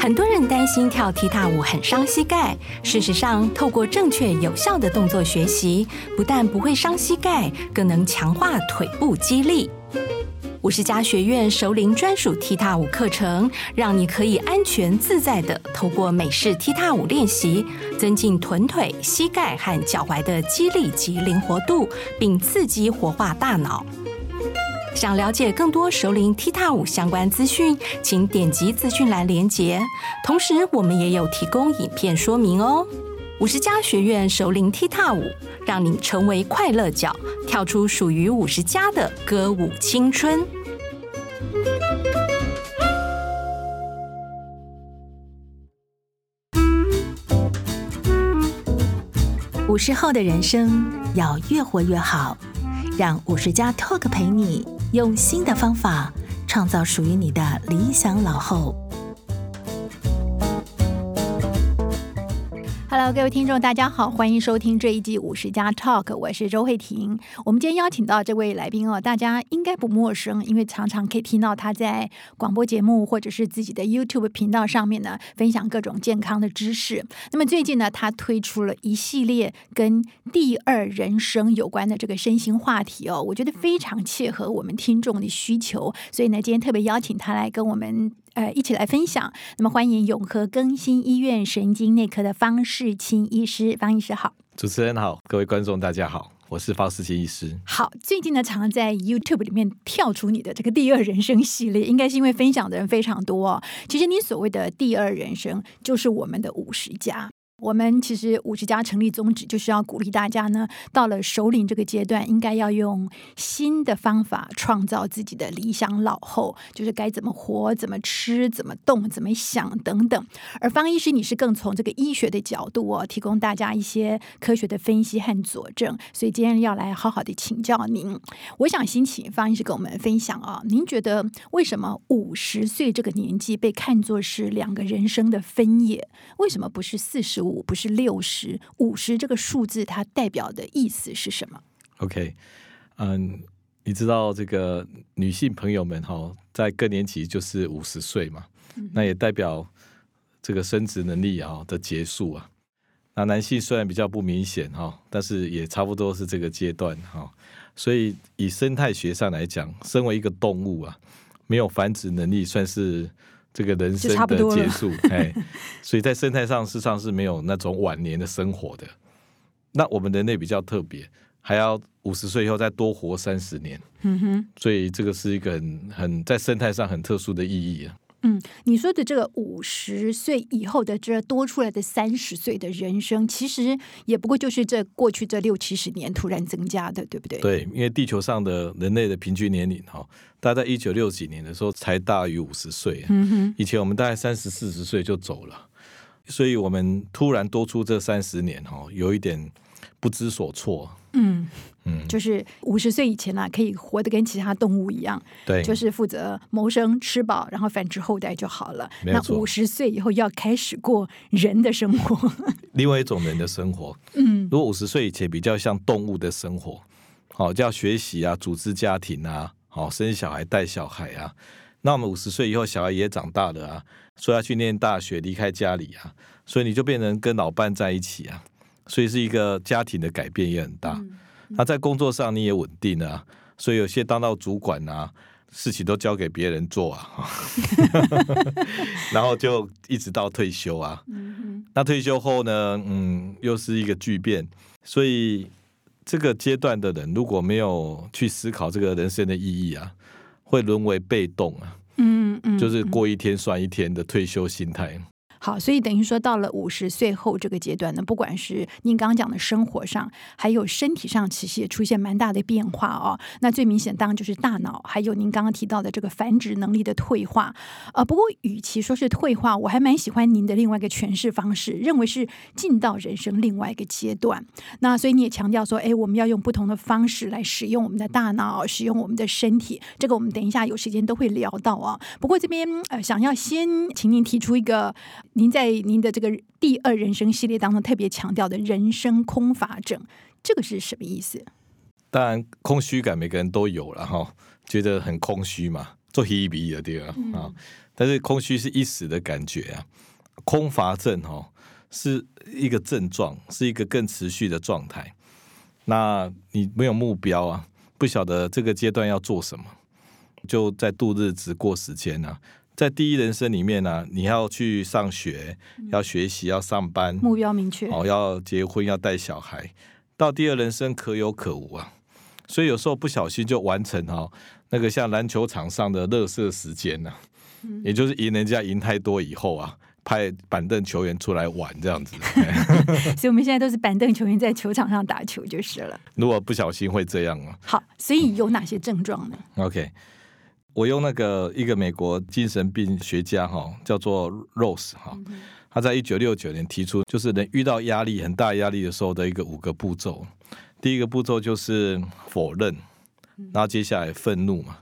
很多人擔心跳踢踏舞很傷膝蓋，事實上，透過正確有效的動作學習，不但不會傷膝蓋，更能強化腿部肌力。50+ 學院熟齡專屬踢踏舞課程，讓你可以安全自在地透過美式踢踏舞練習，增進臀腿、膝蓋和腳踝的肌力及靈活度，並刺激活化大腦。想了解更多熟齡踢踏舞相關資訊，請點擊資訊欄連接。同時，我們也有提供影片說明哦。五十加學院熟齡踢踏舞，讓你成為快樂腳，跳出屬於五十加的歌舞青春。五十後的人生要越活越好，讓五十加 Talk 陪你。用新的方法，創造屬於你的理想老後。哈嘍，各位聽眾，大家好，歡迎收聽這一季 50+ Talk，我是周慧婷。我們今天邀請到這位來賓哦，大家應該不陌生，因為常常可以聽到他在廣播節目或者是自己的 YouTube 頻道上面呢，分享各種健康的知識。那麼最近呢，他推出了一系列跟第二人生有關的這個身心話題哦，我覺得非常切合我們聽眾的需求，所以呢，今天特別邀請他來跟我們。呃，一起來分享。那麼，歡迎永和更新醫院神經內科的方識欽醫師。方醫師好，主持人好，各位觀眾大家好，我是方識欽醫師。好，最近呢，常常在 YouTube 裡面跳出你的這個“第二人生”系列，應該是因為分享的人非常多哦。其實，你所謂的“第二人生”就是我們的五十加。我們其實 50+ 成立宗旨就是要鼓勵大家呢，到了熟齡這個階段，應該要用新的方法創造自己的理想老後，就是該怎麼活、怎麼吃、怎麼動、怎麼想等等。而方醫師，你是更從這個醫學的角度哦，提供大家一些科學的分析和佐證。所以今天要來好好的請教您，我想先請方醫師跟我們分享啊，您覺得為什麼五十歲這個年紀被看作是兩個人生的分野？為什麼不是四十五？五不是六十五十這個數字，它代表的意思是什麼？OK，嗯，你知道這個女性朋友們哈、哦，在更年期就是五十歲嘛、嗯，那也代表這個生殖能力啊、哦、的結束啊。那男性雖然比較不明顯哈、哦，但是也差不多是這個階段哈、哦。所以以生態學上來講，身為一個動物啊，沒有繁殖能力算是。這個人生的結束，哎， 所以在生態上，事實上是沒有那種晚年的生活的。那我們人類比較特別，還要五十歲以後再多活三十年。嗯哼。所以這個是一個很很在生態上很特殊的意義啊。嗯，你說的這個五十歲以後的這多出來的三十歲的人生，其實也不過就是這過去這六七十年突然增加的，對不對？對，因為地球上的人類的平均年齡哈，大概一九六幾年的時候才大於五十歲。嗯哼，以前我們大概三十、四十歲就走了，所以我們突然多出這三十年哈，有一點不知所措。嗯，嗯，就是五十歲以前呢、啊，可以活得跟其他動物一樣，對，就是負責謀生、吃飽，然後繁殖後代就好了。沒錯。那五十歲以後要開始過人的生活，另外一種人的生活。 嗯，如果五十歲以前比較像動物的生活，好、哦，就要學習啊，組織家庭啊，好、哦，生小孩、帶小孩啊。那我們五十歲以後，小孩也長大了啊，說要去念大學、離開家裡啊，所以你就變成跟老伴在一起啊。所以是一個家庭的改變也很大，嗯嗯，那在工作上你也穩定啊，所以有些當到主管啊，事情都交給別人做啊， 然後就一直到退休啊，嗯嗯。那退休後呢，嗯，又是一個巨變。所以這個階段的人如果沒有去思考這個人生的意義啊，會淪為被動啊，嗯嗯嗯，就是過一天算一天的退休心態。好，所以等於說到了五十歲後這個階段呢，不管是您剛剛講的生活上，還有身體上，其實也出現蠻大的變化哦。那最明顯當然就是大腦，還有您剛剛提到的這個繁殖能力的退化。呃，不過與其說是退化，我還蠻喜歡您的另外一個詮釋方式，認為是進到人生另外一個階段。那所以你也強調說，誒、哎，我們要用不同的方式來使用我們的大腦，使用我們的身體。這個我們等一下有時間都會聊到啊、哦。不過這邊呃，想要先請您提出一個。您在您的這個第二人生系列當中特別強調的人生空乏症，這個是什麼意思？當然，空虛感每個人都有了哈、哦，覺得很空虛嘛，做 hebe 的第二啊、嗯。但是空虛是一時的感覺啊，空乏症哦是一個症狀，是一個更持續的狀態。那你沒有目標啊，不曉得這個階段要做什麼，就在度日子過時間呢、啊。在第一人生裡面呢、啊，你要去上學，嗯、要學習，要上班，目標明確。哦，要結婚，要帶小孩，到第二人生可有可無啊。所以有時候不小心就完成哈、啊、那個像籃球場上的垃圾時間呢、啊嗯，也就是贏人家贏太多以後啊，派板凳球員出來玩這樣子。 所以我們現在都是板凳球員在球場上打球就是了。如果不小心會這樣啊。好，所以有哪些症狀呢、嗯、？OK。我用那個一個美國精神病學家哈，叫做 Rose 哈，他在一九六九年提出，就是人遇到壓力很大壓力的時候的一個五個步驟。第一個步驟就是否認，然後接下來憤怒嘛，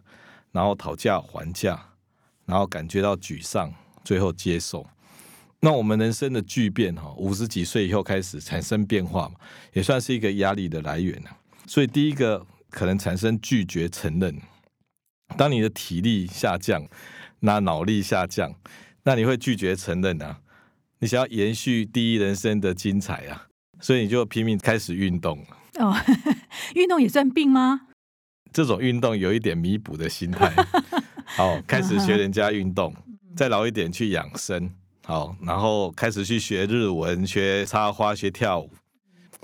然後討價還價，然後感覺到沮喪，最後接受。那我們人生的巨變哈，五十幾歲以後開始產生變化嘛，也算是一個壓力的來源了。所以第一個可能產生拒絕承認。當你的體力下降，那腦力下降，那你會拒絕承認啊？你想要延續第一人生的精彩啊，所以你就拼命開始運動。哦，呵呵運動也算病嗎？這種運動有一點彌補的心態，好、 哦，開始學人家運動，再老一點去養生，好、哦，然後開始去學日文、學插花、學跳舞，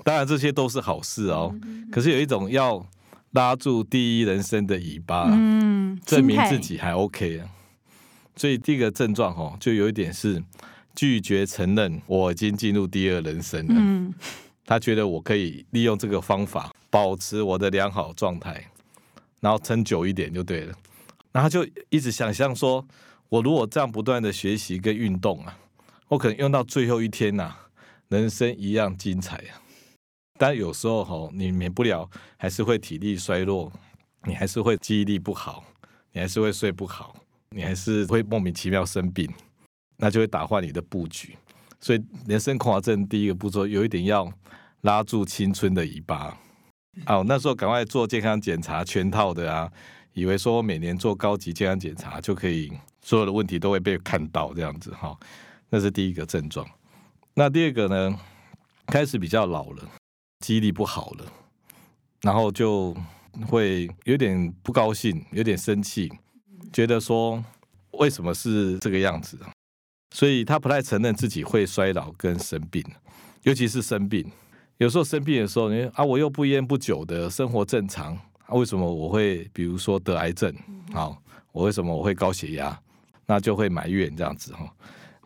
當然這些都是好事哦。可是有一種要。拉住第一人生的尾巴，嗯，證明自己還 OK 啊。所以第一個症狀哦，就有一點是拒絕承認我已經進入第二人生了。嗯，他覺得我可以利用這個方法保持我的良好狀態，然後撐久一點就對了。然後就一直想象說，我如果這樣不斷的學習跟運動啊，我可能用到最後一天啊，人生一樣精彩啊。但有時候哈，你免不了還是會體力衰弱，你還是會記憶力不好，你還是會睡不好，你還是會莫名其妙生病，那就會打壞你的布局。所以人生空乏症第一個步驟有一點要拉住青春的尾巴。哦，那時候趕快做健康檢查全套的啊，以為說我每年做高級健康檢查就可以，所有的問題都會被看到這樣子哈、哦。那是第一個症狀。那第二個呢，開始比較老了。記憶力不好了，然後就會有點不高興，有點生氣，覺得說為什麼是這個樣子？所以他不太承認自己會衰老跟生病，尤其是生病。有時候生病的時候，你啊，我又不菸不酒的生活正常，啊、為什麼我會比如說得癌症？好，我為什麼我會高血壓？那就會埋怨這樣子哈。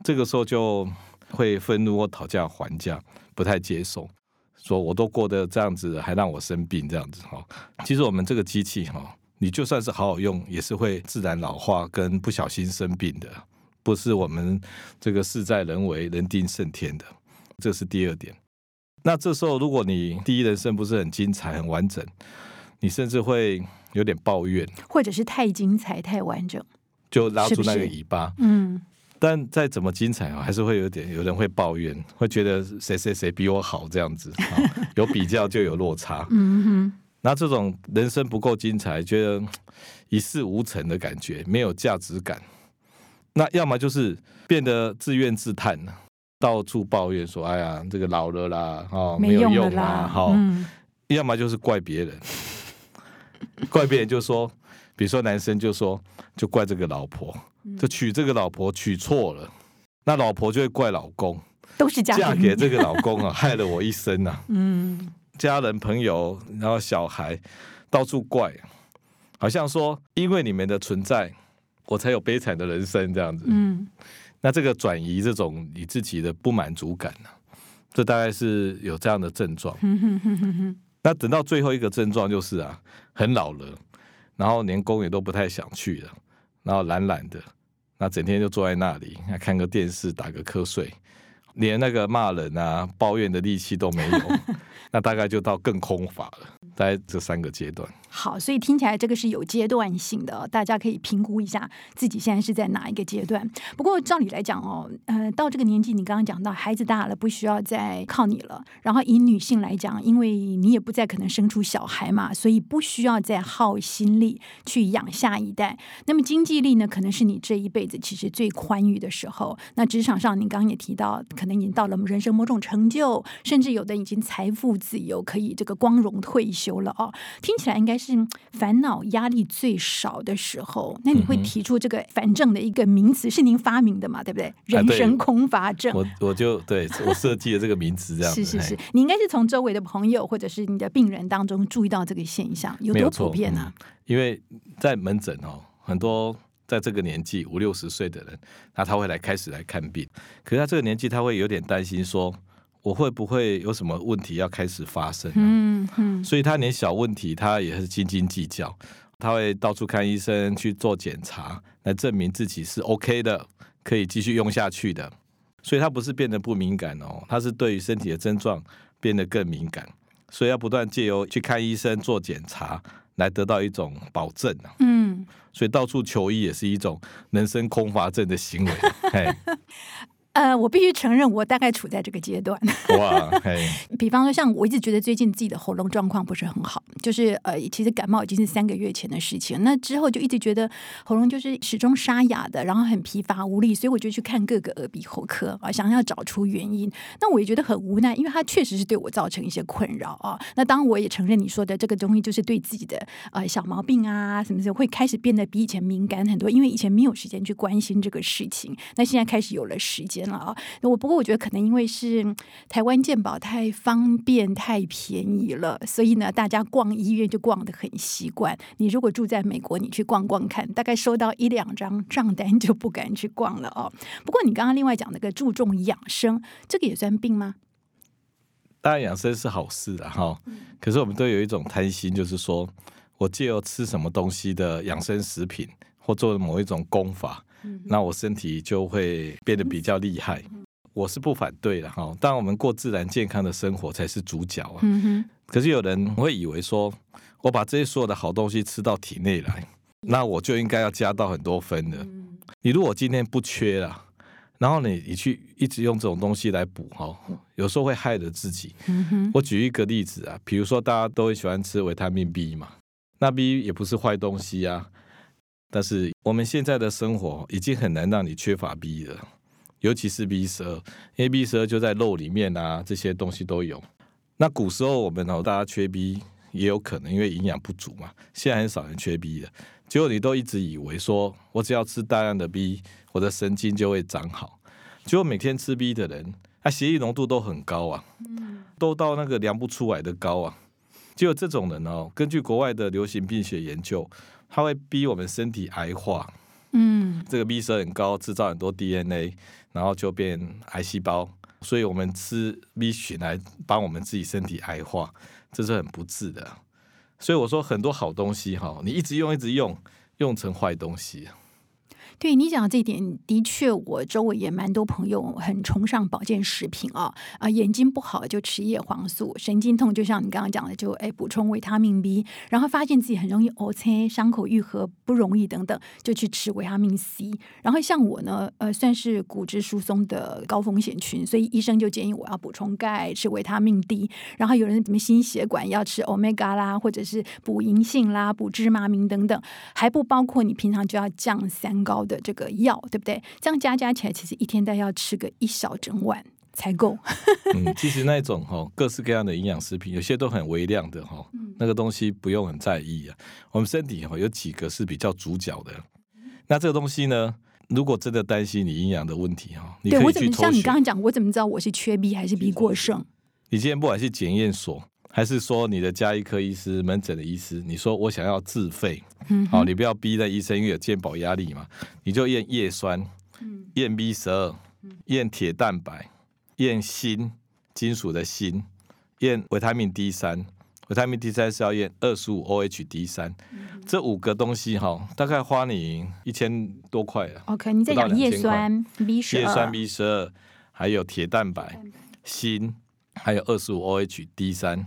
這個時候就會憤怒或討價還價，不太接受。說我都過得這樣子，還讓我生病這樣子哈。其實我們這個機器哈，你就算是好好用，也是會自然老化跟不小心生病的，不是我們這個事在人為、人定勝天的。這是第二點。那這時候如果你第一人生不是很精彩、很完整，你甚至會有點抱怨，或者是太精彩、太完整，就拉住那個尾巴，是不是？嗯。但再怎麼精彩啊，還是會有點有人會抱怨，會覺得誰誰誰比我好這樣子，哦、有比較就有落差。 那這種人生不夠精彩，覺得一事無成的感覺，沒有價值感。那要麼就是變得自怨自嘆，到處抱怨說：“哎呀，這個老了啦，哦、沒用了啦，沒有用啦。嗯”好，要麼就是怪別人，怪別人就說，比如說男生就說，就怪這個老婆。就娶這個老婆娶錯了，那老婆就會怪老公，都是嫁給這個老公啊， 害了我一生啊。嗯，家人朋友，然後小孩到處怪，好像說因為你們的存在，我才有悲慘的人生這樣子。嗯，那這個轉移這種你自己的不滿足感呢，啊，這大概是有這樣的症狀呵呵呵呵呵。那等到最後一個症狀就是啊，很老了，然後連工也都不太想去了。然後懶懶的，那整天就坐在那裡，看個電視，打個瞌睡，連那個罵人啊、抱怨的力氣都沒有， 那大概就到更空乏了，在這三個階段。好，所以聽起來這個是有階段性的，大家可以評估一下自己現在是在哪一個階段。不過照理來講哦，呃，到這個年紀，你剛剛講到孩子大了不需要再靠你了，然後以女性來講，因為你也不再可能生出小孩嘛，所以不需要再耗心力去養下一代。那麼經濟力呢，可能是你這一輩子其實最寬裕的時候。那職場上，你剛剛也提到，可能已經到了人生某種成就，甚至有的已經財富自由，可以這個光榮退休了哦。聽起來應該是煩惱壓力最少的時候，那你會提出這個“空乏症的一個名詞，是您發明的嘛，對不對？人生空乏症，啊、我我就對我設計了這個名詞，這樣子。 是是是，你應該是從周圍的朋友或者是你的病人當中注意到這個現象，有多沒有普遍啊、嗯？因為在門診哦，很多在這個年紀五六十歲的人，那他會來開始來看病，可是他這個年紀他會有點擔心說。我會不會有什麼問題要開始發生？嗯嗯，所以他連小問題他也是斤斤計較，他會到處看醫生去做檢查，來證明自己是 OK 的，可以繼續用下去的。所以他不是變得不敏感哦，他是對於身體的症狀變得更敏感，所以要不斷借由去看醫生做檢查來得到一種保證啊。嗯，所以到處求醫也是一種人生空乏症的行為。 呃，我必須承認，我大概處在這個階段。哇， 比方說，像我一直覺得最近自己的喉嚨狀況不是很好，就是呃，其實感冒已經是三個月前的事情。那之後就一直覺得喉嚨就是始終沙啞的，然後很疲乏無力，所以我就去看各個耳鼻喉科啊，想要找出原因。那我也覺得很無奈，因為它確實是對我造成一些困擾啊。那當我也承認你說的這個東西，就是對自己的呃小毛病啊什麼什麼會開始變得比以前敏感很多，因為以前沒有時間去關心這個事情，那現在開始有了時間了啊，我不過我覺得可能因為是台灣健保太方便太便宜了，所以呢大家逛醫院就逛得很習慣。你如果住在美國，你去逛逛看，大概收到一兩張賬單就不敢去逛了哦。不過你剛剛另外講的那個注重養生，這個也算病嗎？當然養生是好事啊哈、哦，可是我們都有一種貪心，就是說我借由吃什麼東西的養生食品，或做某一種功法。那我身體就會變得比較厲害，我是不反對的，哈。當然，我們過自然健康的生活才是主角啊。可是有人會以為說，我把這些所有的好東西吃到體內來，那我就應該要加到很多分了。你如果今天不缺了，然後你你去一直用這種東西來補哈、哦，有時候會害了自己。我舉一個例子啊，比如說大家都會喜歡吃維他命 B 嘛，那 B 也不是壞東西啊。但是我們現在的生活已經很難讓你缺乏 B 了，尤其是 B 十二，因為 B 十二就在肉裡面啊，這些東西都有。那古時候我們哦，大家缺 B 也有可能，因為營養不足嘛。現在很少人缺 B 了，結果你都一直以為說我只要吃大量的 B，我的神經就會長好。結果每天吃 B 的人，他血液濃度都很高啊，都到那個量不出來的高啊。結果這種人哦，根據國外的流行病學研究。它會逼我們身體癌化，嗯，這個 B 射很高，製造很多 DNA，然後就變癌細胞。所以我們吃 B 群來幫我們自己身體癌化，這是很不智的。所以我說很多好東西哈，你一直用一直用，用成壞東西。對你講的這一點，的確，我周圍也蠻多朋友很崇尚保健食品啊、哦、啊、呃，眼睛不好就吃葉黃素，神經痛就像你剛剛講的，就哎補充維他命 B，然後發現自己很容易瘀青，傷口愈合不容易等等，就去吃維他命 C。然後像我呢，呃，算是骨質疏鬆的高風險群，所以醫生就建議我要補充鈣，吃維他命 D。然後有人怎麼心血管要吃 Omega 啦，或者是補銀杏啦，補芝麻明等等，還不包括你平常就要降三高。的這個藥對不對？這樣加加起來，其實一天大概要吃個一小整碗才夠。 嗯，其實那種哈、哦，各式各樣的營養食品，有些都很微量的哈、哦嗯，那個東西不用很在意啊。我們身體哈、哦、有幾個是比較主角的。那這個東西呢，如果真的擔心你營養的問題哈，你可以對我怎麼像你剛剛講，我怎麼知道我是缺 B 還是 B 過剩？你今天不管是檢驗所，還是說你的家醫科醫師、門診的醫師，你說我想要自費，好、嗯哦，你不要逼那醫生，因為有健保壓力嘛。你就驗葉酸，驗 B 十二，驗鐵蛋白，驗鋅、嗯（金屬的鋅），驗維他命 D 三。維他命 D 三是要驗二十五 OH D 三，這五個東西哈、哦，大概花你一千多塊了。OK，你再講葉酸、B 十二、葉酸 B 十二，還有鐵蛋白、鋅。還有二十五 O H D 三，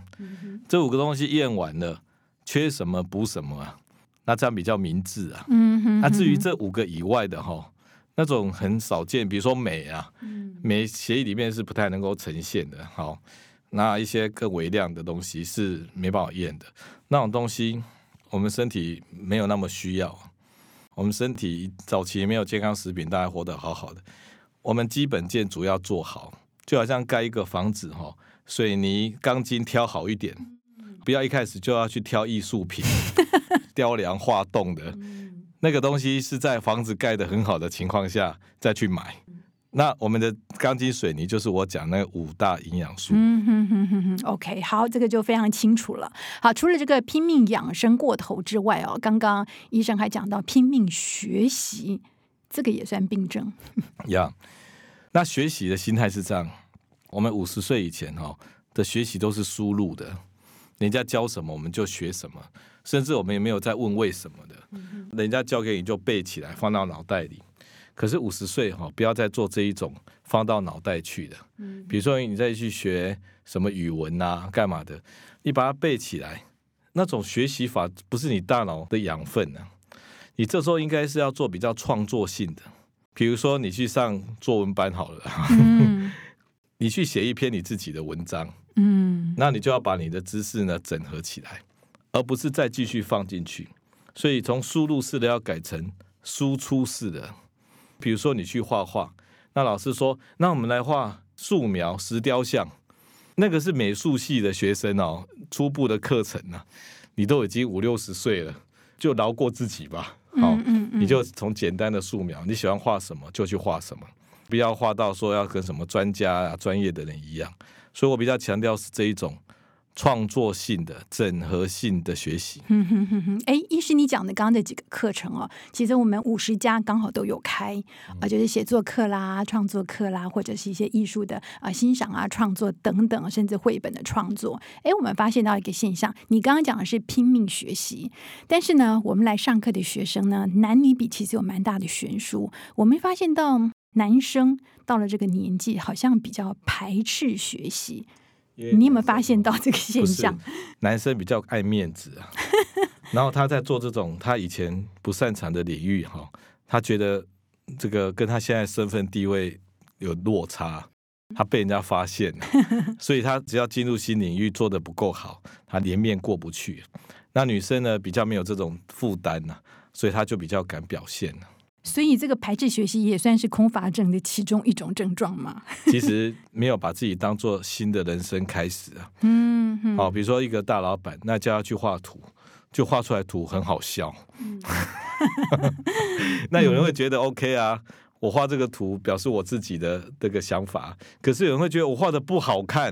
這五個東西驗完了，缺什麼補什麼啊？那這樣比較明智啊。嗯、哼哼哼。那至於這五個以外的哈，那種很少見，比如說鎂啊，鎂協議裡面是不太能夠呈現的。好，那一些更微量的東西是沒辦法驗的，那種東西我們身體沒有那麼需要。我們身體早期沒有健康食品，大家活得好好的。我們基本建築要做好。就好像蓋一個房子哈，水泥鋼筋挑好一點，不要一開始就要去挑藝術品， 雕梁畫棟的，那個東西是在房子蓋得很好的情況下再去買。那我們的鋼筋水泥就是我講那五大營養素。嗯哼哼哼哼，OK，好，這個就非常清楚了。好，除了這個拼命養生過頭之外哦，剛剛醫生還講到拼命學習，這個也算病症。Yeah. 嗯那學習的心態是這樣：我們五十歲以前哈的學習都是輸入的，人家教什麼我們就學什麼，甚至我們也沒有再問為什麼的。嗯，人家教給你就背起來，放到腦袋裡。可是五十歲哈，不要再做這一種放到腦袋去的。嗯，比如說你再去學什麼語文吶、啊、幹嘛的，你把它背起來，那種學習法不是你大腦的養分呢、啊。你這時候應該是要做比較創作性的。比如說，你去上作文班好了，嗯、 你去寫一篇你自己的文章，嗯，那你就要把你的知識呢整合起來，而不是再繼續放進去。所以，從輸入式的要改成輸出式的。比如說，你去畫畫，那老師說，那我們來畫素描石雕像，那個是美術系的學生哦，初步的課程呢、啊，你都已經五六十歲了，就饒過自己吧。好、哦，你就從簡單的素描，你喜歡畫什麼就去畫什麼，不要畫到說要跟什麼專家啊、專業的人一樣。所以我比較強調是這一種。創作性的、整合性的學習。哎、嗯哼哼哼，欸、醫師你講的剛剛的幾個課程哦，其實我們 50+ 剛好都有開，啊、呃，就是寫作課啦、創作課啦，或者是一些藝術的啊、呃、欣賞啊、創作等等，甚至繪本的創作。哎、欸，我們發現到一個現象，你剛剛講的是拼命學習，但是呢，我們來上課的學生呢，男女比其實有蠻大的懸殊。我們發現到男生到了這個年紀，好像比較排斥學習。Yeah, 你有沒有發現到這個現象？男生比較愛面子啊， 然後他在做這種他以前不擅長的領域哈、哦，他覺得這個跟他現在身份地位有落差，他被人家發現、啊， 所以他只要進入新領域做得不夠好，他臉面過不去。那女生呢，比較沒有這種負擔呢、啊，所以他就比較敢表現、啊所以這個排斥學習也算是空乏症的其中一種症狀嘛？ 其實沒有把自己當做新的人生開始啊。嗯，好、嗯哦，比如說一個大老板，那叫他去畫圖，就畫出來圖很好笑。嗯、 那有人會覺得 OK 啊、嗯，我畫這個圖表示我自己的這個想法，可是有人會覺得我畫的不好看。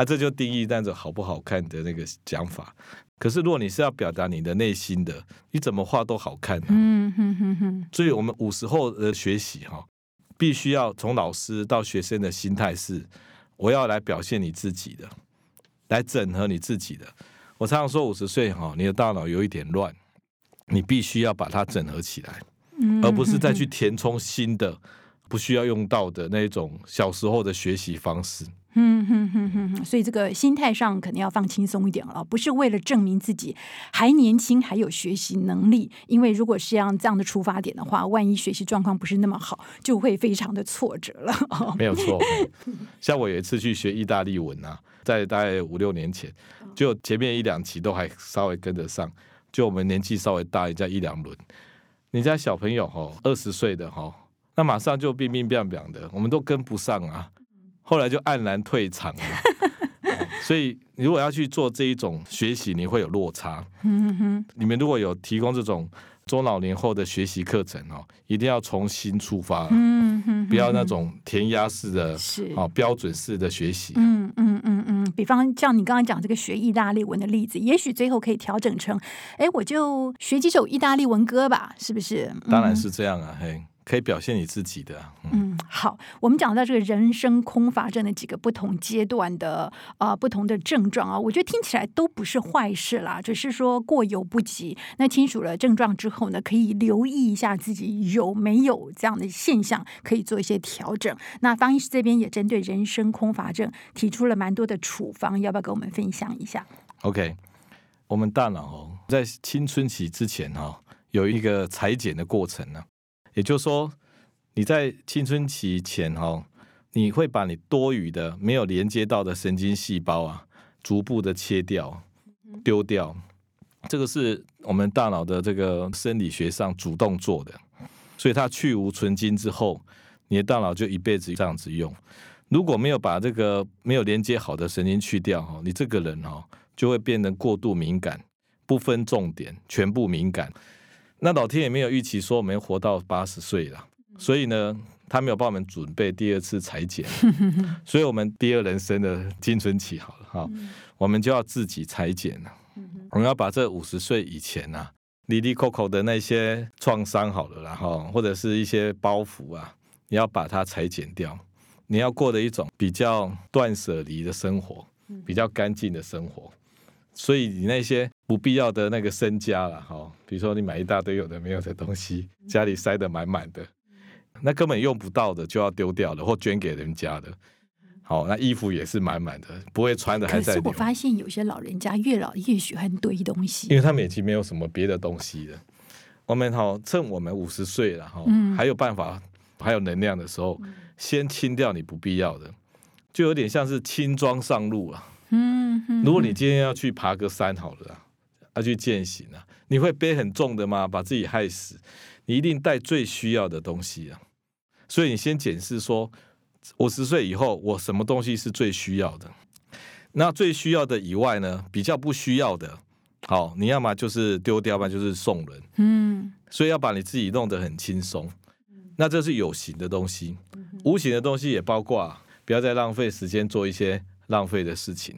那這就是定義那種好不好看的那個講法。可是，如果你是要表達你的內心的，你怎麼畫都好看啊。嗯哼哼哼，所以，我們五十後的學習哈，必須要從老師到學生的心態是：我要來表現你自己的，來整合你自己的。我常常說，五十歲哈，你的大腦有一點亂，你必須要把它整合起來，而不是再去填充新的不需要用到的那種小時候的學習方式。嗯哼哼哼，所以這個心態上肯定要放輕鬆一點了，不是為了證明自己還年輕，還有學習能力，因為如果是這樣這樣的出發點的話，萬一學習狀況不是那麼好，就會非常的挫折了。哦、沒有錯，嗯、 像我有一次去學意大利文啊，在大概五六年前，就前面一兩期都還稍微跟得上，就我們年紀稍微大，一，在一兩輪，你家小朋友哈二十歲的哈、哦，那馬上就變變變變的，我們都跟不上啊。後來就黯然退場了、 哦，所以如果要去做這一種學習，你會有落差。 你們如果有提供這種中老年後的學習課程哦，一定要重新出發， 不要那種填鴨式的、 哦、標準式的學習。嗯嗯嗯嗯，比方像你剛剛講這個學意大利文的例子，也許最後可以調整成，哎，我就學幾首意大利文歌吧，是不是？嗯、當然是這樣啊，嘿。可以表現你自己的。嗯，嗯，好，我們講到這個人生空乏症的幾個不同階段的啊、呃，不同的症狀啊、哦，我覺得聽起來都不是壞事啦，只是說過猶不及。那清楚了症狀之後呢，可以留意一下自己有沒有這樣的現象，可以做一些調整。那方醫師這邊也針對人生空乏症提出了蠻多的處方，要不要跟我們分享一下？OK，我們大腦、哦、在青春期之前哈、哦，有一個裁剪的過程呢。也就是說，你在青春期前、哦、你會把你多餘的、沒有連接到的神經細胞啊，逐步的切掉、丟掉。這個是我們大腦的這個生理學上主動做的，所以它去蕪存菁之後，你的大腦就一輩子這樣子用。如果沒有把這個沒有連接好的神經去掉哈，你這個人、哦、就會變得過度敏感，不分重點，全部敏感。那老天也沒有預期說我們活到八十歲了、嗯，所以呢，他沒有幫我們準備第二次裁剪， 所以我們第二人生的青春期好了哈、哦、嗯，我們就要自己裁剪了。嗯、我們要把這五十歲以前吶、啊，里里扣扣的那些創傷好了，然、哦、後或者是一些包袱啊，你要把它裁剪掉，你要過的一種比較斷捨離的生活，嗯、比較乾淨的生活。所以你那些不必要的那個身家了，哈、哦，比如說你買一大堆有的沒有的東西，家裡塞得滿滿的，那根本用不到的就要丟掉了或捐給人家的，好、哦，那衣服也是滿滿的，不會穿的還在。可是我發現有些老人家越老越喜歡堆東西，因為他們已經沒有什麼別的東西了。我們好、哦、趁我們五十歲了，哈、哦嗯，還有辦法，還有能量的時候、嗯，先清掉你不必要的，就有點像是輕裝上路啊。嗯，如果你今天要去爬個山好了、啊，要、啊、去健行了、啊，你會背很重的嗎？把自己害死？你一定帶最需要的東西啊。所以你先檢視說，五十歲以後我什麼東西是最需要的？那最需要的以外呢，比較不需要的，好，你要麼就是丟掉，要麼就是送人。嗯，所以要把你自己弄得很輕鬆。那這是有形的東西，無形的東西也包括、啊，不要再浪費時間做一些。浪費的事情，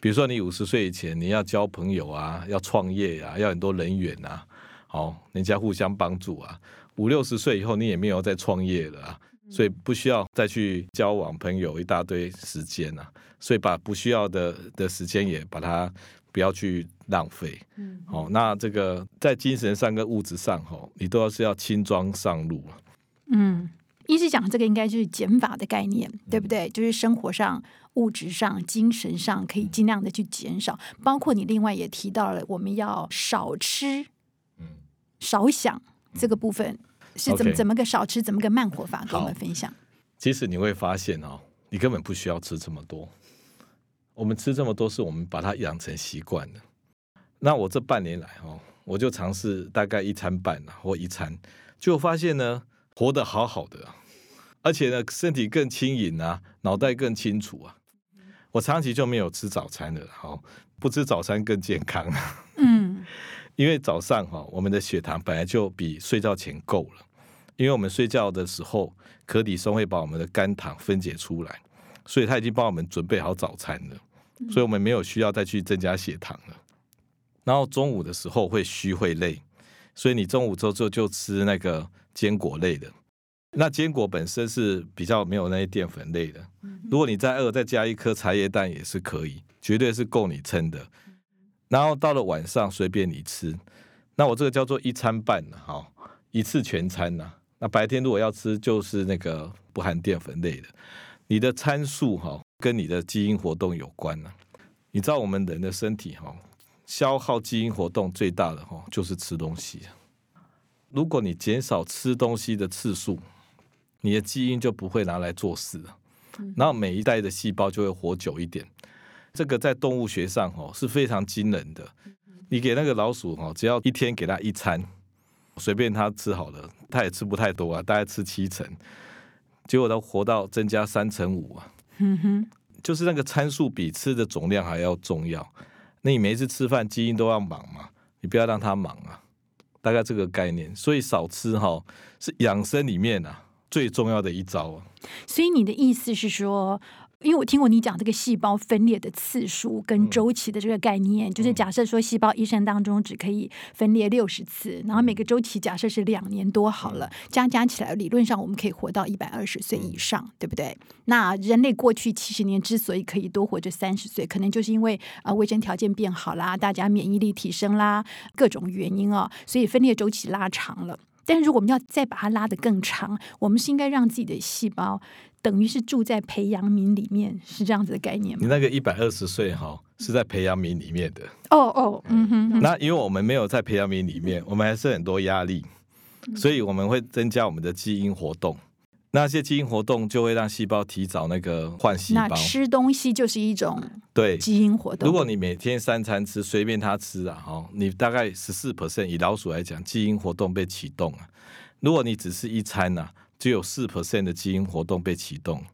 比如說你五十歲以前，你要交朋友啊，要創業啊，要很多人員啊。哦、人家互相幫助啊。五六十歲以後，你也沒有再創業了、啊，所以不需要再去交往朋友一大堆時間啊。所以把不需要的的時間也把它不要去浪費。嗯、哦，那這個在精神上跟物質上、哦，吼，你都要是要輕裝上路嗯。意思講這個應該就是減法的概念，對不對？就是生活上、物質上、精神上可以儘量的去減少。包括你另外也提到了，我們要少吃，少想、嗯、這個部分是怎麼、okay、怎麼個少吃，怎麼個慢活法，跟我們分享。其實你會發現哦，你根本不需要吃這麼多。我們吃這麼多，是我們把它養成習慣了。那我這半年來哦，我就嘗試大概一餐半或一餐，就發現呢。活得好好的，而且呢，身體更輕盈啊，腦袋更清楚啊。我長期就沒有吃早餐了，好，不吃早餐更健康啊。嗯，因為早上哈、哦，我們的血糖本來就比睡覺前夠了，因為我們睡覺的時候，可體松會把我們的肝糖分解出來，所以他已經幫我們準備好早餐了，所以我們沒有需要再去增加血糖了。嗯、然後中午的時候會虛會累，所以你中午之後就，就吃那個堅果類的，那堅果本身是比較沒有那些澱粉類的。如果你再餓，再加一顆茶葉蛋也是可以，絕對是夠你撐的。然後到了晚上，隨便你吃。那我這個叫做一餐半哈，一次全餐吶。那白天如果要吃，就是那個不含澱粉類的。你的餐數哈，跟你的基因活動有關。你知道我們人的身體哈，消耗基因活動最大的哈，就是吃東西。如果你減少吃東西的次數，你的基因就不會拿來做事了。然後、嗯、每一代的細胞就會活久一點。這個在動物學上哦是非常驚人的。你給那個老鼠、哦、只要一天給它一餐，隨便它吃好了，它也吃不太多啊，大概吃七成。結果它活到增加三成五啊、嗯哼。就是那個餐數比吃的總量還要重要。那你每一次吃飯基因都要忙嘛？你不要讓它忙啊。大概這個概念。所以少吃哈、哦、是養生裡面啊最重要的一招啊。所以你的意思是說。因為我聽過你講這個細胞分裂的次數跟週期的這個概念，就是假設說細胞一生當中只可以分裂六十次，然後每個週期假設是兩年多好了，加加起來理論上我們可以活到一百二十歲以上，對不對？那人類過去七十年之所以可以多活這三十歲，可能就是因為啊，呃，衛生條件變好啦，大家免疫力提升啦，各種原因哦，所以分裂週期拉長了。但是如果我們要再把它拉得更長，我們是應該讓自己的細胞。等於是住在培養皿裡面，是這樣子的概念嗎？你那個一百二十歲哈、哦，是在培養皿裡面的。哦哦嗯，嗯哼。那因為我們沒有在培養皿裡面，我們還是很多壓力、嗯，所以我們會增加我們的基因活動。那些基因活動就會讓細胞提早那個換細胞。那吃東西就是一種對基因活動，對。如果你每天三餐吃，隨便他吃啊，哈，你大概十四 percent 以老鼠來講，基因活動被啟動了。如果你只是一餐呢、啊？只有四 percent 的基因活動被啟動，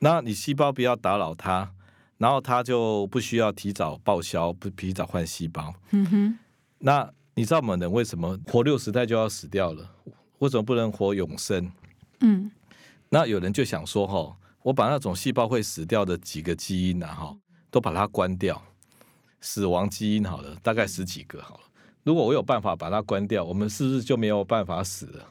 那你細胞不要打擾它，然後它就不需要提早報銷，不提早換細胞。嗯哼。那你知道我們人為什麼活六十代就要死掉了？為什麼不能活永生？嗯。那有人就想說，哦，我把那種細胞會死掉的幾個基因，然後，啊，哦，都把它關掉，死亡基因好了，大概十幾個好了。如果我有辦法把它關掉，我們是不是就沒有辦法死了？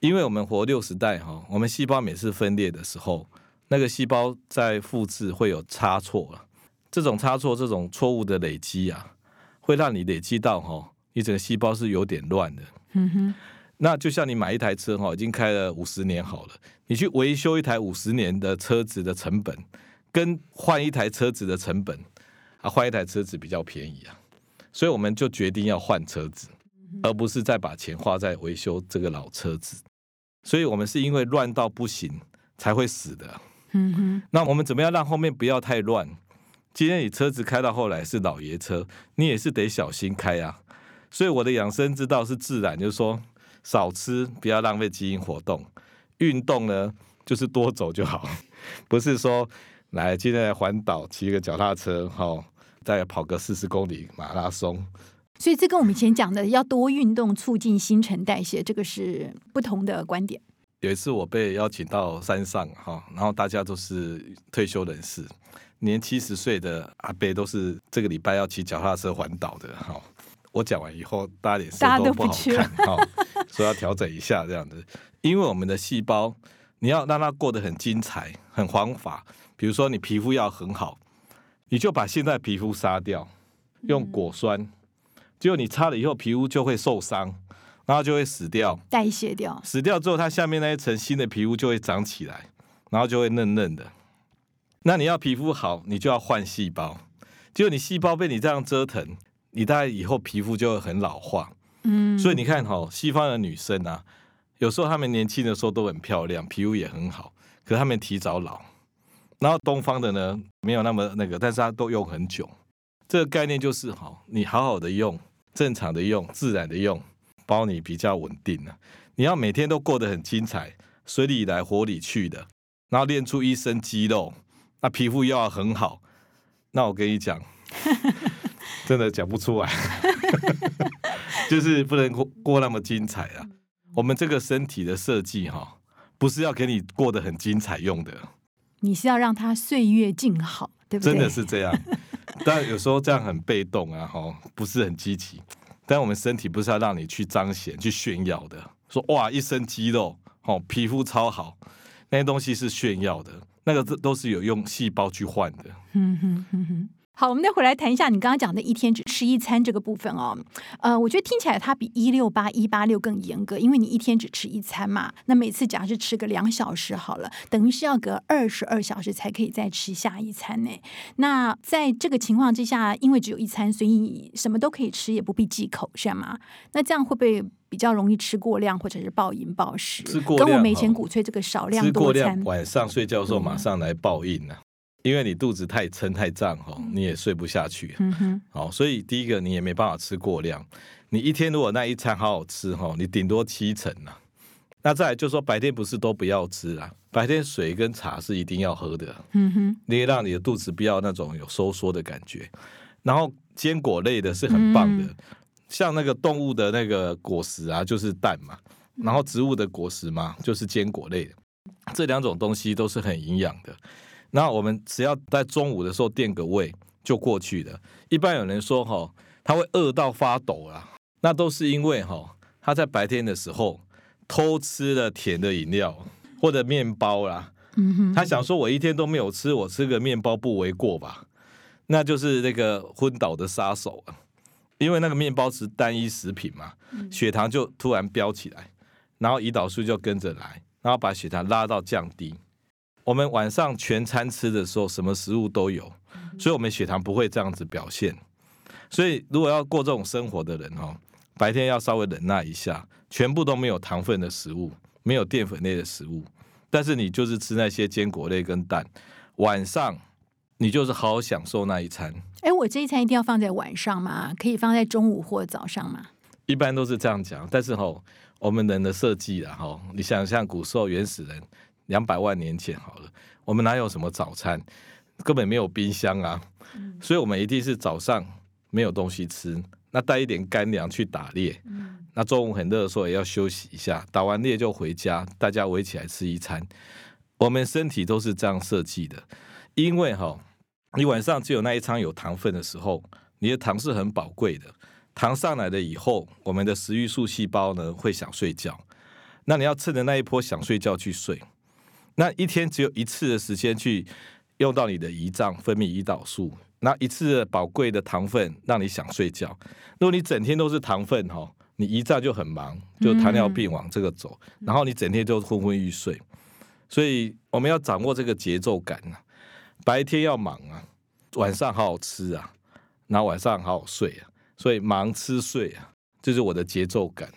因為我們活六十代哈，我們細胞每次分裂的時候，那個細胞在複製會有差錯啊，這種差錯，這種錯誤的累積啊，會讓你累積到哈，你整個細胞是有點亂的。嗯哼。那就像你買一台車哈，已經開了五十年好了，你去維修一台五十年的車子的成本，跟換一台車子的成本啊，換一台車子比較便宜啊。所以我們就決定要換車子。而不是再把錢花在維修這個老車子，所以我們是因為亂到不行才會死的。嗯哼。那我們怎麼樣讓後面不要太亂？今天你車子開到後來是老爺車，你也是得小心開啊。所以我的養生之道是自然，就是說少吃，不要浪費基因活動，運動呢就是多走就好，不是說來今天來環島騎個腳踏車，好，再跑個四十公里馬拉松。所以這跟我們以前講的要多運動促進新陳代謝，這個是不同的觀點。有一次我被邀請到山上哈，然後大家都是退休人士，年七十歲的阿伯都是這個禮拜要騎腳踏車環島的哈。我講完以後，大家臉色都不好看哈，說 要調整一下這樣子，因為我們的細胞，你要讓它過得很精彩、很黃法。比如說你皮膚要很好，你就把現在皮膚殺掉，用果酸。嗯結果你擦了以後，皮膚就會受傷，然後就會死掉，代謝掉，死掉之後，它下面那一層新的皮膚就會長起來，然後就會嫩嫩的。那你要皮膚好，你就要換細胞。結果你細胞被你這樣折騰，你大概以後皮膚就會很老化。嗯。所以你看哦，西方的女生啊，有時候她們年輕的時候都很漂亮，皮膚也很好，可是她們提早老。然後東方的呢，沒有那麼那個，但是她都用很久。這個概念就是好，你好好的用，正常的用，自然的用，包你比較穩定了、啊。你要每天都過得很精彩，水裡來火裡去的，然後練出一身肌肉，那、啊、皮膚又要很好，那我跟你講，真的講不出來， 就是不能過過那麼精彩啊。 我們這個身體的設計哈、啊，不是要給你過得很精彩用的，你是要讓它歲月靜好，對不對？真的是這樣。 但有時候這樣很被動啊，吼，不是很積極。但我們身體不是要讓你去彰顯、去炫耀的，說哇，一身肌肉，哦，皮膚超好，那些東西是炫耀的，那個都都是有用細胞去換的。 好，我們再回來談一下你剛剛講的一天只吃一餐這個部分哦。呃，我覺得聽起來它比一六八一八六更嚴格，因為你一天只吃一餐嘛。那每次假設是吃個兩小時好了，等於是要隔二十二小時才可以再吃下一餐呢。那在這個情況之下，因為只有一餐，所以什麼都可以吃，也不必忌口，是嗎？那這樣會不會比較容易吃過量或者是暴飲暴食？吃過量。跟我們以前鼓吹這個少量多餐。吃過量，晚上睡覺的時候馬上來報應呢、啊。嗯因為你肚子太撐太脹哈，你也睡不下去。嗯。好，所以第一個你也沒辦法吃過量。你一天如果那一餐好好吃哈，你頂多七成啊。那再來就說，白天不是都不要吃啊？白天水跟茶是一定要喝的。嗯。你也讓你的肚子不要那種有收縮的感覺。然後堅果類的是很棒的。嗯嗯。像那個動物的那個果實啊，就是蛋嘛。然後植物的果實嘛，就是堅果類的，這兩種東西都是很營養的。那我們只要在中午的時候墊個胃就過去了。一般有人說哈，他會餓到發抖啦，那都是因為哈，他在白天的時候偷吃了甜的飲料或者麵包啦。嗯哼，他想說，我一天都沒有吃，我吃個麵包不為過吧？那就是那個昏倒的殺手啊，因為那個麵包是單一食品嘛，血糖就突然飆起來，然後胰島素就跟着來，然後把血糖拉到降低。我們晚上全餐吃的時候，什麼食物都有，所以我們血糖不會這樣子表現。所以如果要過這種生活的人哦，白天要稍微忍耐一下，全部都沒有糖分的食物，沒有澱粉類的食物，但是你就是吃那些堅果類跟蛋。晚上你就是好好享受那一餐。哎、欸，我這一餐一定要放在晚上嗎？可以放在中午或早上嗎？一般都是這樣講，但是哈、哦，我們人的設計啦，哈、哦，你想象古時候原始人。兩百萬年前好了，我們哪有什麼早餐？根本沒有冰箱啊，嗯、所以我們一定是早上沒有東西吃，那帶一點乾糧去打獵、嗯。那中午很熱的時候也要休息一下，打完獵就回家，大家圍起來吃一餐。我們身體都是這樣設計的，因為哈，你晚上只有那一餐有糖分的時候，你的糖是很寶貴的。糖上來了以後，我們的食欲素細胞呢會想睡覺，那你要趁着那一波想睡覺去睡。那一天只有一次的時間去用到你的胰臟分泌，胰島素，那一次的寶貴的糖分讓你想睡覺。如果你整天都是糖分哈，你胰臟就很忙，就糖尿病往這個走、嗯，然後你整天就昏昏欲睡。所以我們要掌握這個節奏感啊，白天要忙啊，晚上好好吃啊，然後晚上好好睡啊，所以忙吃睡啊，這、就是我的節奏感。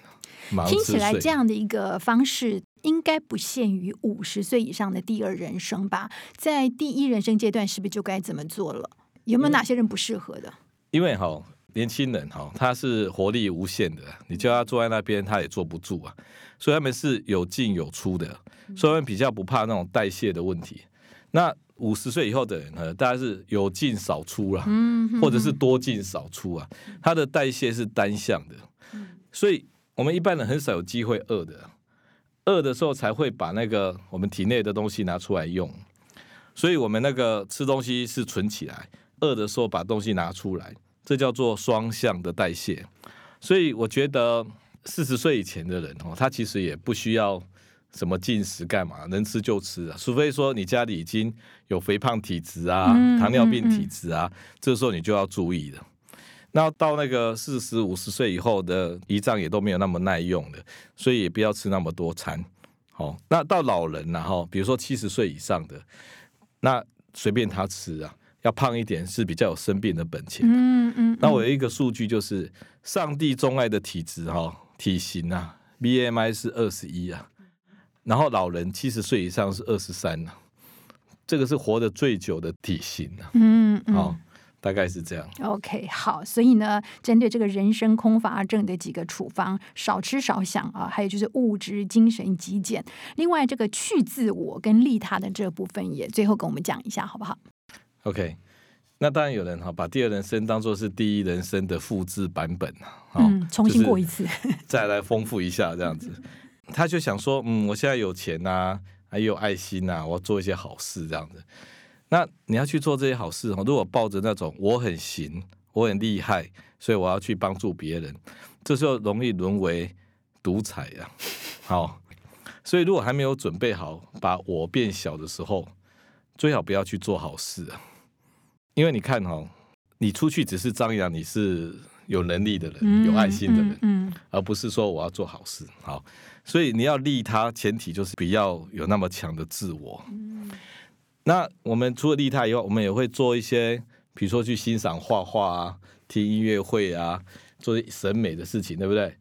聽起來這樣的一個方式應該不限於五十歲以上的第二人生吧？在第一人生階段，是不是就該怎麼做了？有沒有哪些人不適合的？嗯、因為哈、哦，年輕人哈、哦，他是活力無限的，你叫他坐在那邊、嗯，他也坐不住啊。所以他們是有進有出的，所以他們比較不怕那種代謝的問題。那五十歲以後的人呢，大家是有進少出了、啊嗯，或者是多進少出啊。他的代謝是單向的，嗯、所以。我們一般人很少有機會餓的，餓的時候才會把那個我們體內的東西拿出來用，所以我們那個吃東西是存起來，餓的時候把東西拿出來，這叫做雙向的代謝。所以我覺得四十歲以前的人哦，他其實也不需要什麼進食幹嘛，能吃就吃啊，除非說你家裡已經有肥胖體質啊、嗯嗯嗯嗯糖尿病體質啊，這時候你就要注意了。那到那個四十五十歲以後的胰臟也都沒有那麼耐用的，所以也不要吃那麼多餐。哦、那到老人然、啊、後，比如說七十歲以上的，那隨便他吃啊，要胖一點是比較有生病的本錢的、嗯嗯嗯。那我有一個數據就是，上帝鍾愛的體質哈，體型啊，BMI 是二十一啊，然後老人七十歲以上是二十三啊，這個是活得最久的體型啊。嗯。好、嗯。哦大概是這樣。OK，好，所以呢，針對這個人生空乏症、啊、的幾個處方，少吃少想啊，還有就是物質精神極簡，另外這個去自我跟利他的這部分，也最後跟我們講一下，好不好？OK，那當然有人哈，把第二人生當作是第一人生的複製版本，嗯，重新過一次，就是、再來豐富一下這樣子。他就想說，嗯，我現在有錢呐、啊，還有愛心吶、啊，我要做一些好事這樣子。那你要去做這些好事哦，如果抱着那種我很行，我很厲害，所以我要去幫助別人，這時候容易淪為獨裁呀，啊。好，所以如果還沒有準備好把我變小的時候，最好不要去做好事啊。因為你看哦，你出去只是張揚你是有能力的人，有愛心的人，嗯嗯嗯，而不是說我要做好事。好，所以你要利他，前提就是不要有那麼強的自我。嗯。那我們除了利他以外，我們也會做一些，比如說去欣賞畫畫啊，聽音樂會啊，做審美的事情，對不對？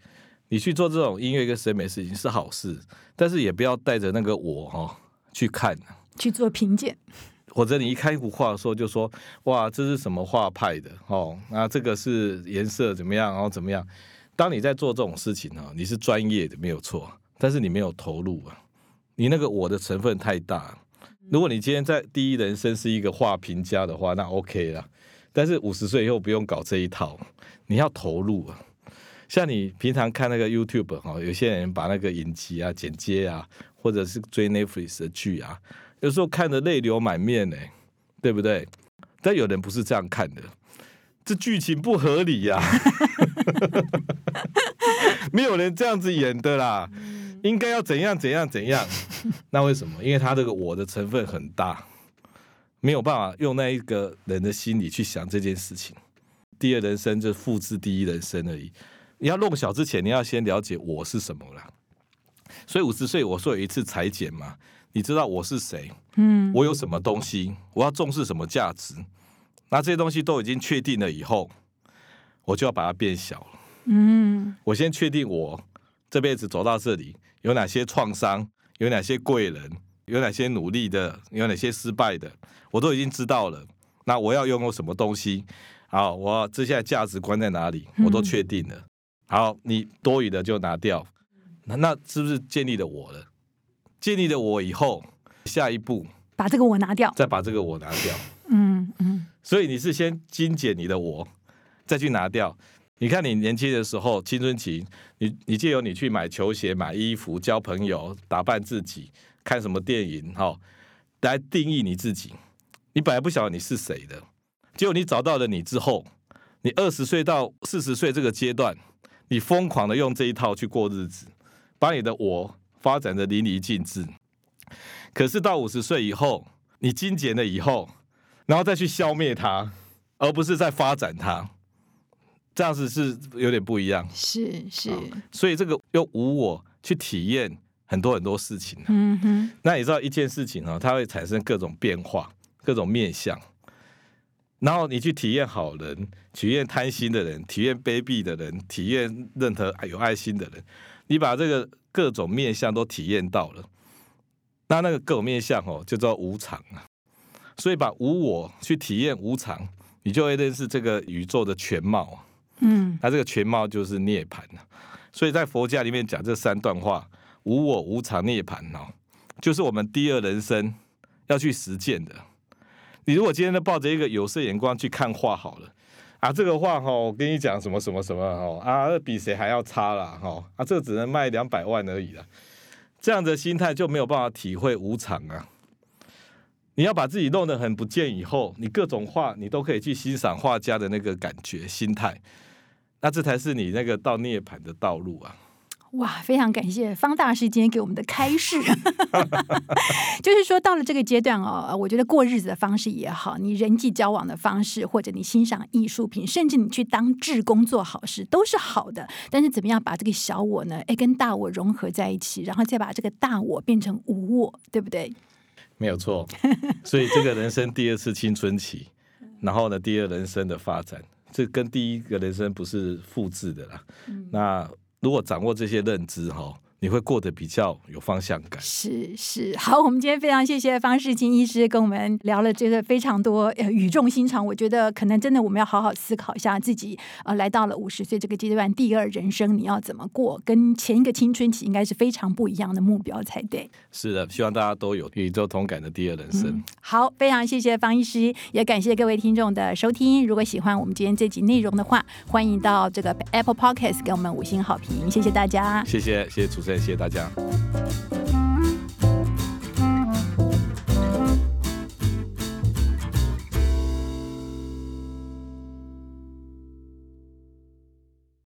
你去做這種音樂跟審美事情是好事，但是也不要帶着那個我哦去看，去做評鑑，或者你一開一幅畫的時候就說哇，這是什麼畫派的哦？那這個是顏色怎麼樣，然後怎麼樣？當你在做這種事情呢、哦，你是專業的沒有錯，但是你沒有投入啊，你那個我的成分太大。如果你今天在第一人生是一個畫評家的話，那 OK 了。但是五十歲以後不用搞這一套，你要投入啊。像你平常看那個 YouTube，有些人把那個影集啊、剪接啊，或者是追 Netflix 的劇啊，有時候看得淚流滿面呢、欸，對不對？但有人不是這樣看的，這劇情不合理呀、啊。 沒有人這樣子演的啦，應該要怎樣怎樣怎樣？那為什麼？因為他這個我的成分很大，沒有辦法用那一個人的心理去想這件事情。第二人生就複製第一人生而已。你要弄小之前，你要先了解我是什麼啦。所以五十歲我說有一次裁剪嘛，你知道我是誰？嗯，我有什麼東西？我要重視什麼價值？那這些東西都已經確定了以後，我就要把它變小了。嗯，我先確定我這輩子走到這裡有哪些創傷，有哪些貴人，有哪些努力的，有哪些失敗的，我都已經知道了。那我要擁有什麼東西？好，我這些價值觀在哪裡？我都確定了。嗯。好，你多餘的就拿掉。那那是不是建立了我了？建立了我以後，下一步把這個我拿掉，再把這個我拿掉。嗯嗯。所以你是先精簡你的我。再去拿掉。你看，你年輕的時候，青春期，你你借由你去買球鞋、買衣服、交朋友、打扮自己、看什麼電影，好、哦，來定義你自己。你本來不曉得你是誰的，結果你找到了你之後，你二十歲到四十歲這個階段，你瘋狂的用這一套去過日子，把你的我發展得淋漓盡致。可是到五十歲以後，你精簡了以後，然後再去消滅它，而不是再發展它。這樣子是有點不一樣，是是、哦，所以這個用無我去體驗很多很多事情、啊。嗯哼，那你知道一件事情啊、哦，它會產生各種變化，各種面相。然後你去體驗好人，體驗貪心的人，體驗卑鄙的人，體驗任何有愛心的人，你把這個各種面相都體驗到了，那那個各種面相哦，就叫做無常啊。所以把無我去體驗無常，你就會認識這個宇宙的全貌。嗯，他這個全貌就是涅槃了、啊。所以在佛家裡面講這三段話：無我、無常、涅槃哦、啊，就是我們第二人生要去實踐的。你如果今天抱着一個有色眼光去看畫好了啊，這個畫哈、哦，我跟你講什麼什麼什麼哦啊，比誰還要差了哦，啊，這個只能賣兩百萬而已了。這樣的心態就沒有辦法體會無常啊。你要把自己弄得很不見以後，你各種畫你都可以去欣賞畫家的那個感覺心態。那、啊、這才是你那個到涅槃的道路啊！哇，非常感謝方大師今天給我們的開示， 就是說到了這個階段哦，我覺得過日子的方式也好，你人際交往的方式，或者你欣賞藝術品，甚至你去當志工做好事都是好的。但是怎麼樣把這個小我呢，哎，跟大我融合在一起，然後再把這個大我變成無我，對不對？沒有錯，所以這個人生第二次青春期， 然後呢，第二人生的發展。這跟第一個人生不是複製的啦。嗯。那如果掌握這些認知，哈。你會過得比較有方向感。是是，好，我們今天非常謝謝方識欽醫師跟我們聊了這個非常多，語重心長。我覺得可能真的我們要好好思考一下自己，呃，來到了五十歲這個階段，第二人生你要怎麼過，跟前一個青春期應該是非常不一樣的目標才對。是的，希望大家都有宇宙同感的第二人生。嗯，好，非常謝謝方醫師，也感謝各位聽眾的收聽。如果喜歡我們今天這集內容的話，歡迎到這個 Apple Podcast 給我們五星好評，謝謝大家。謝謝，謝謝主持人。謝謝大家。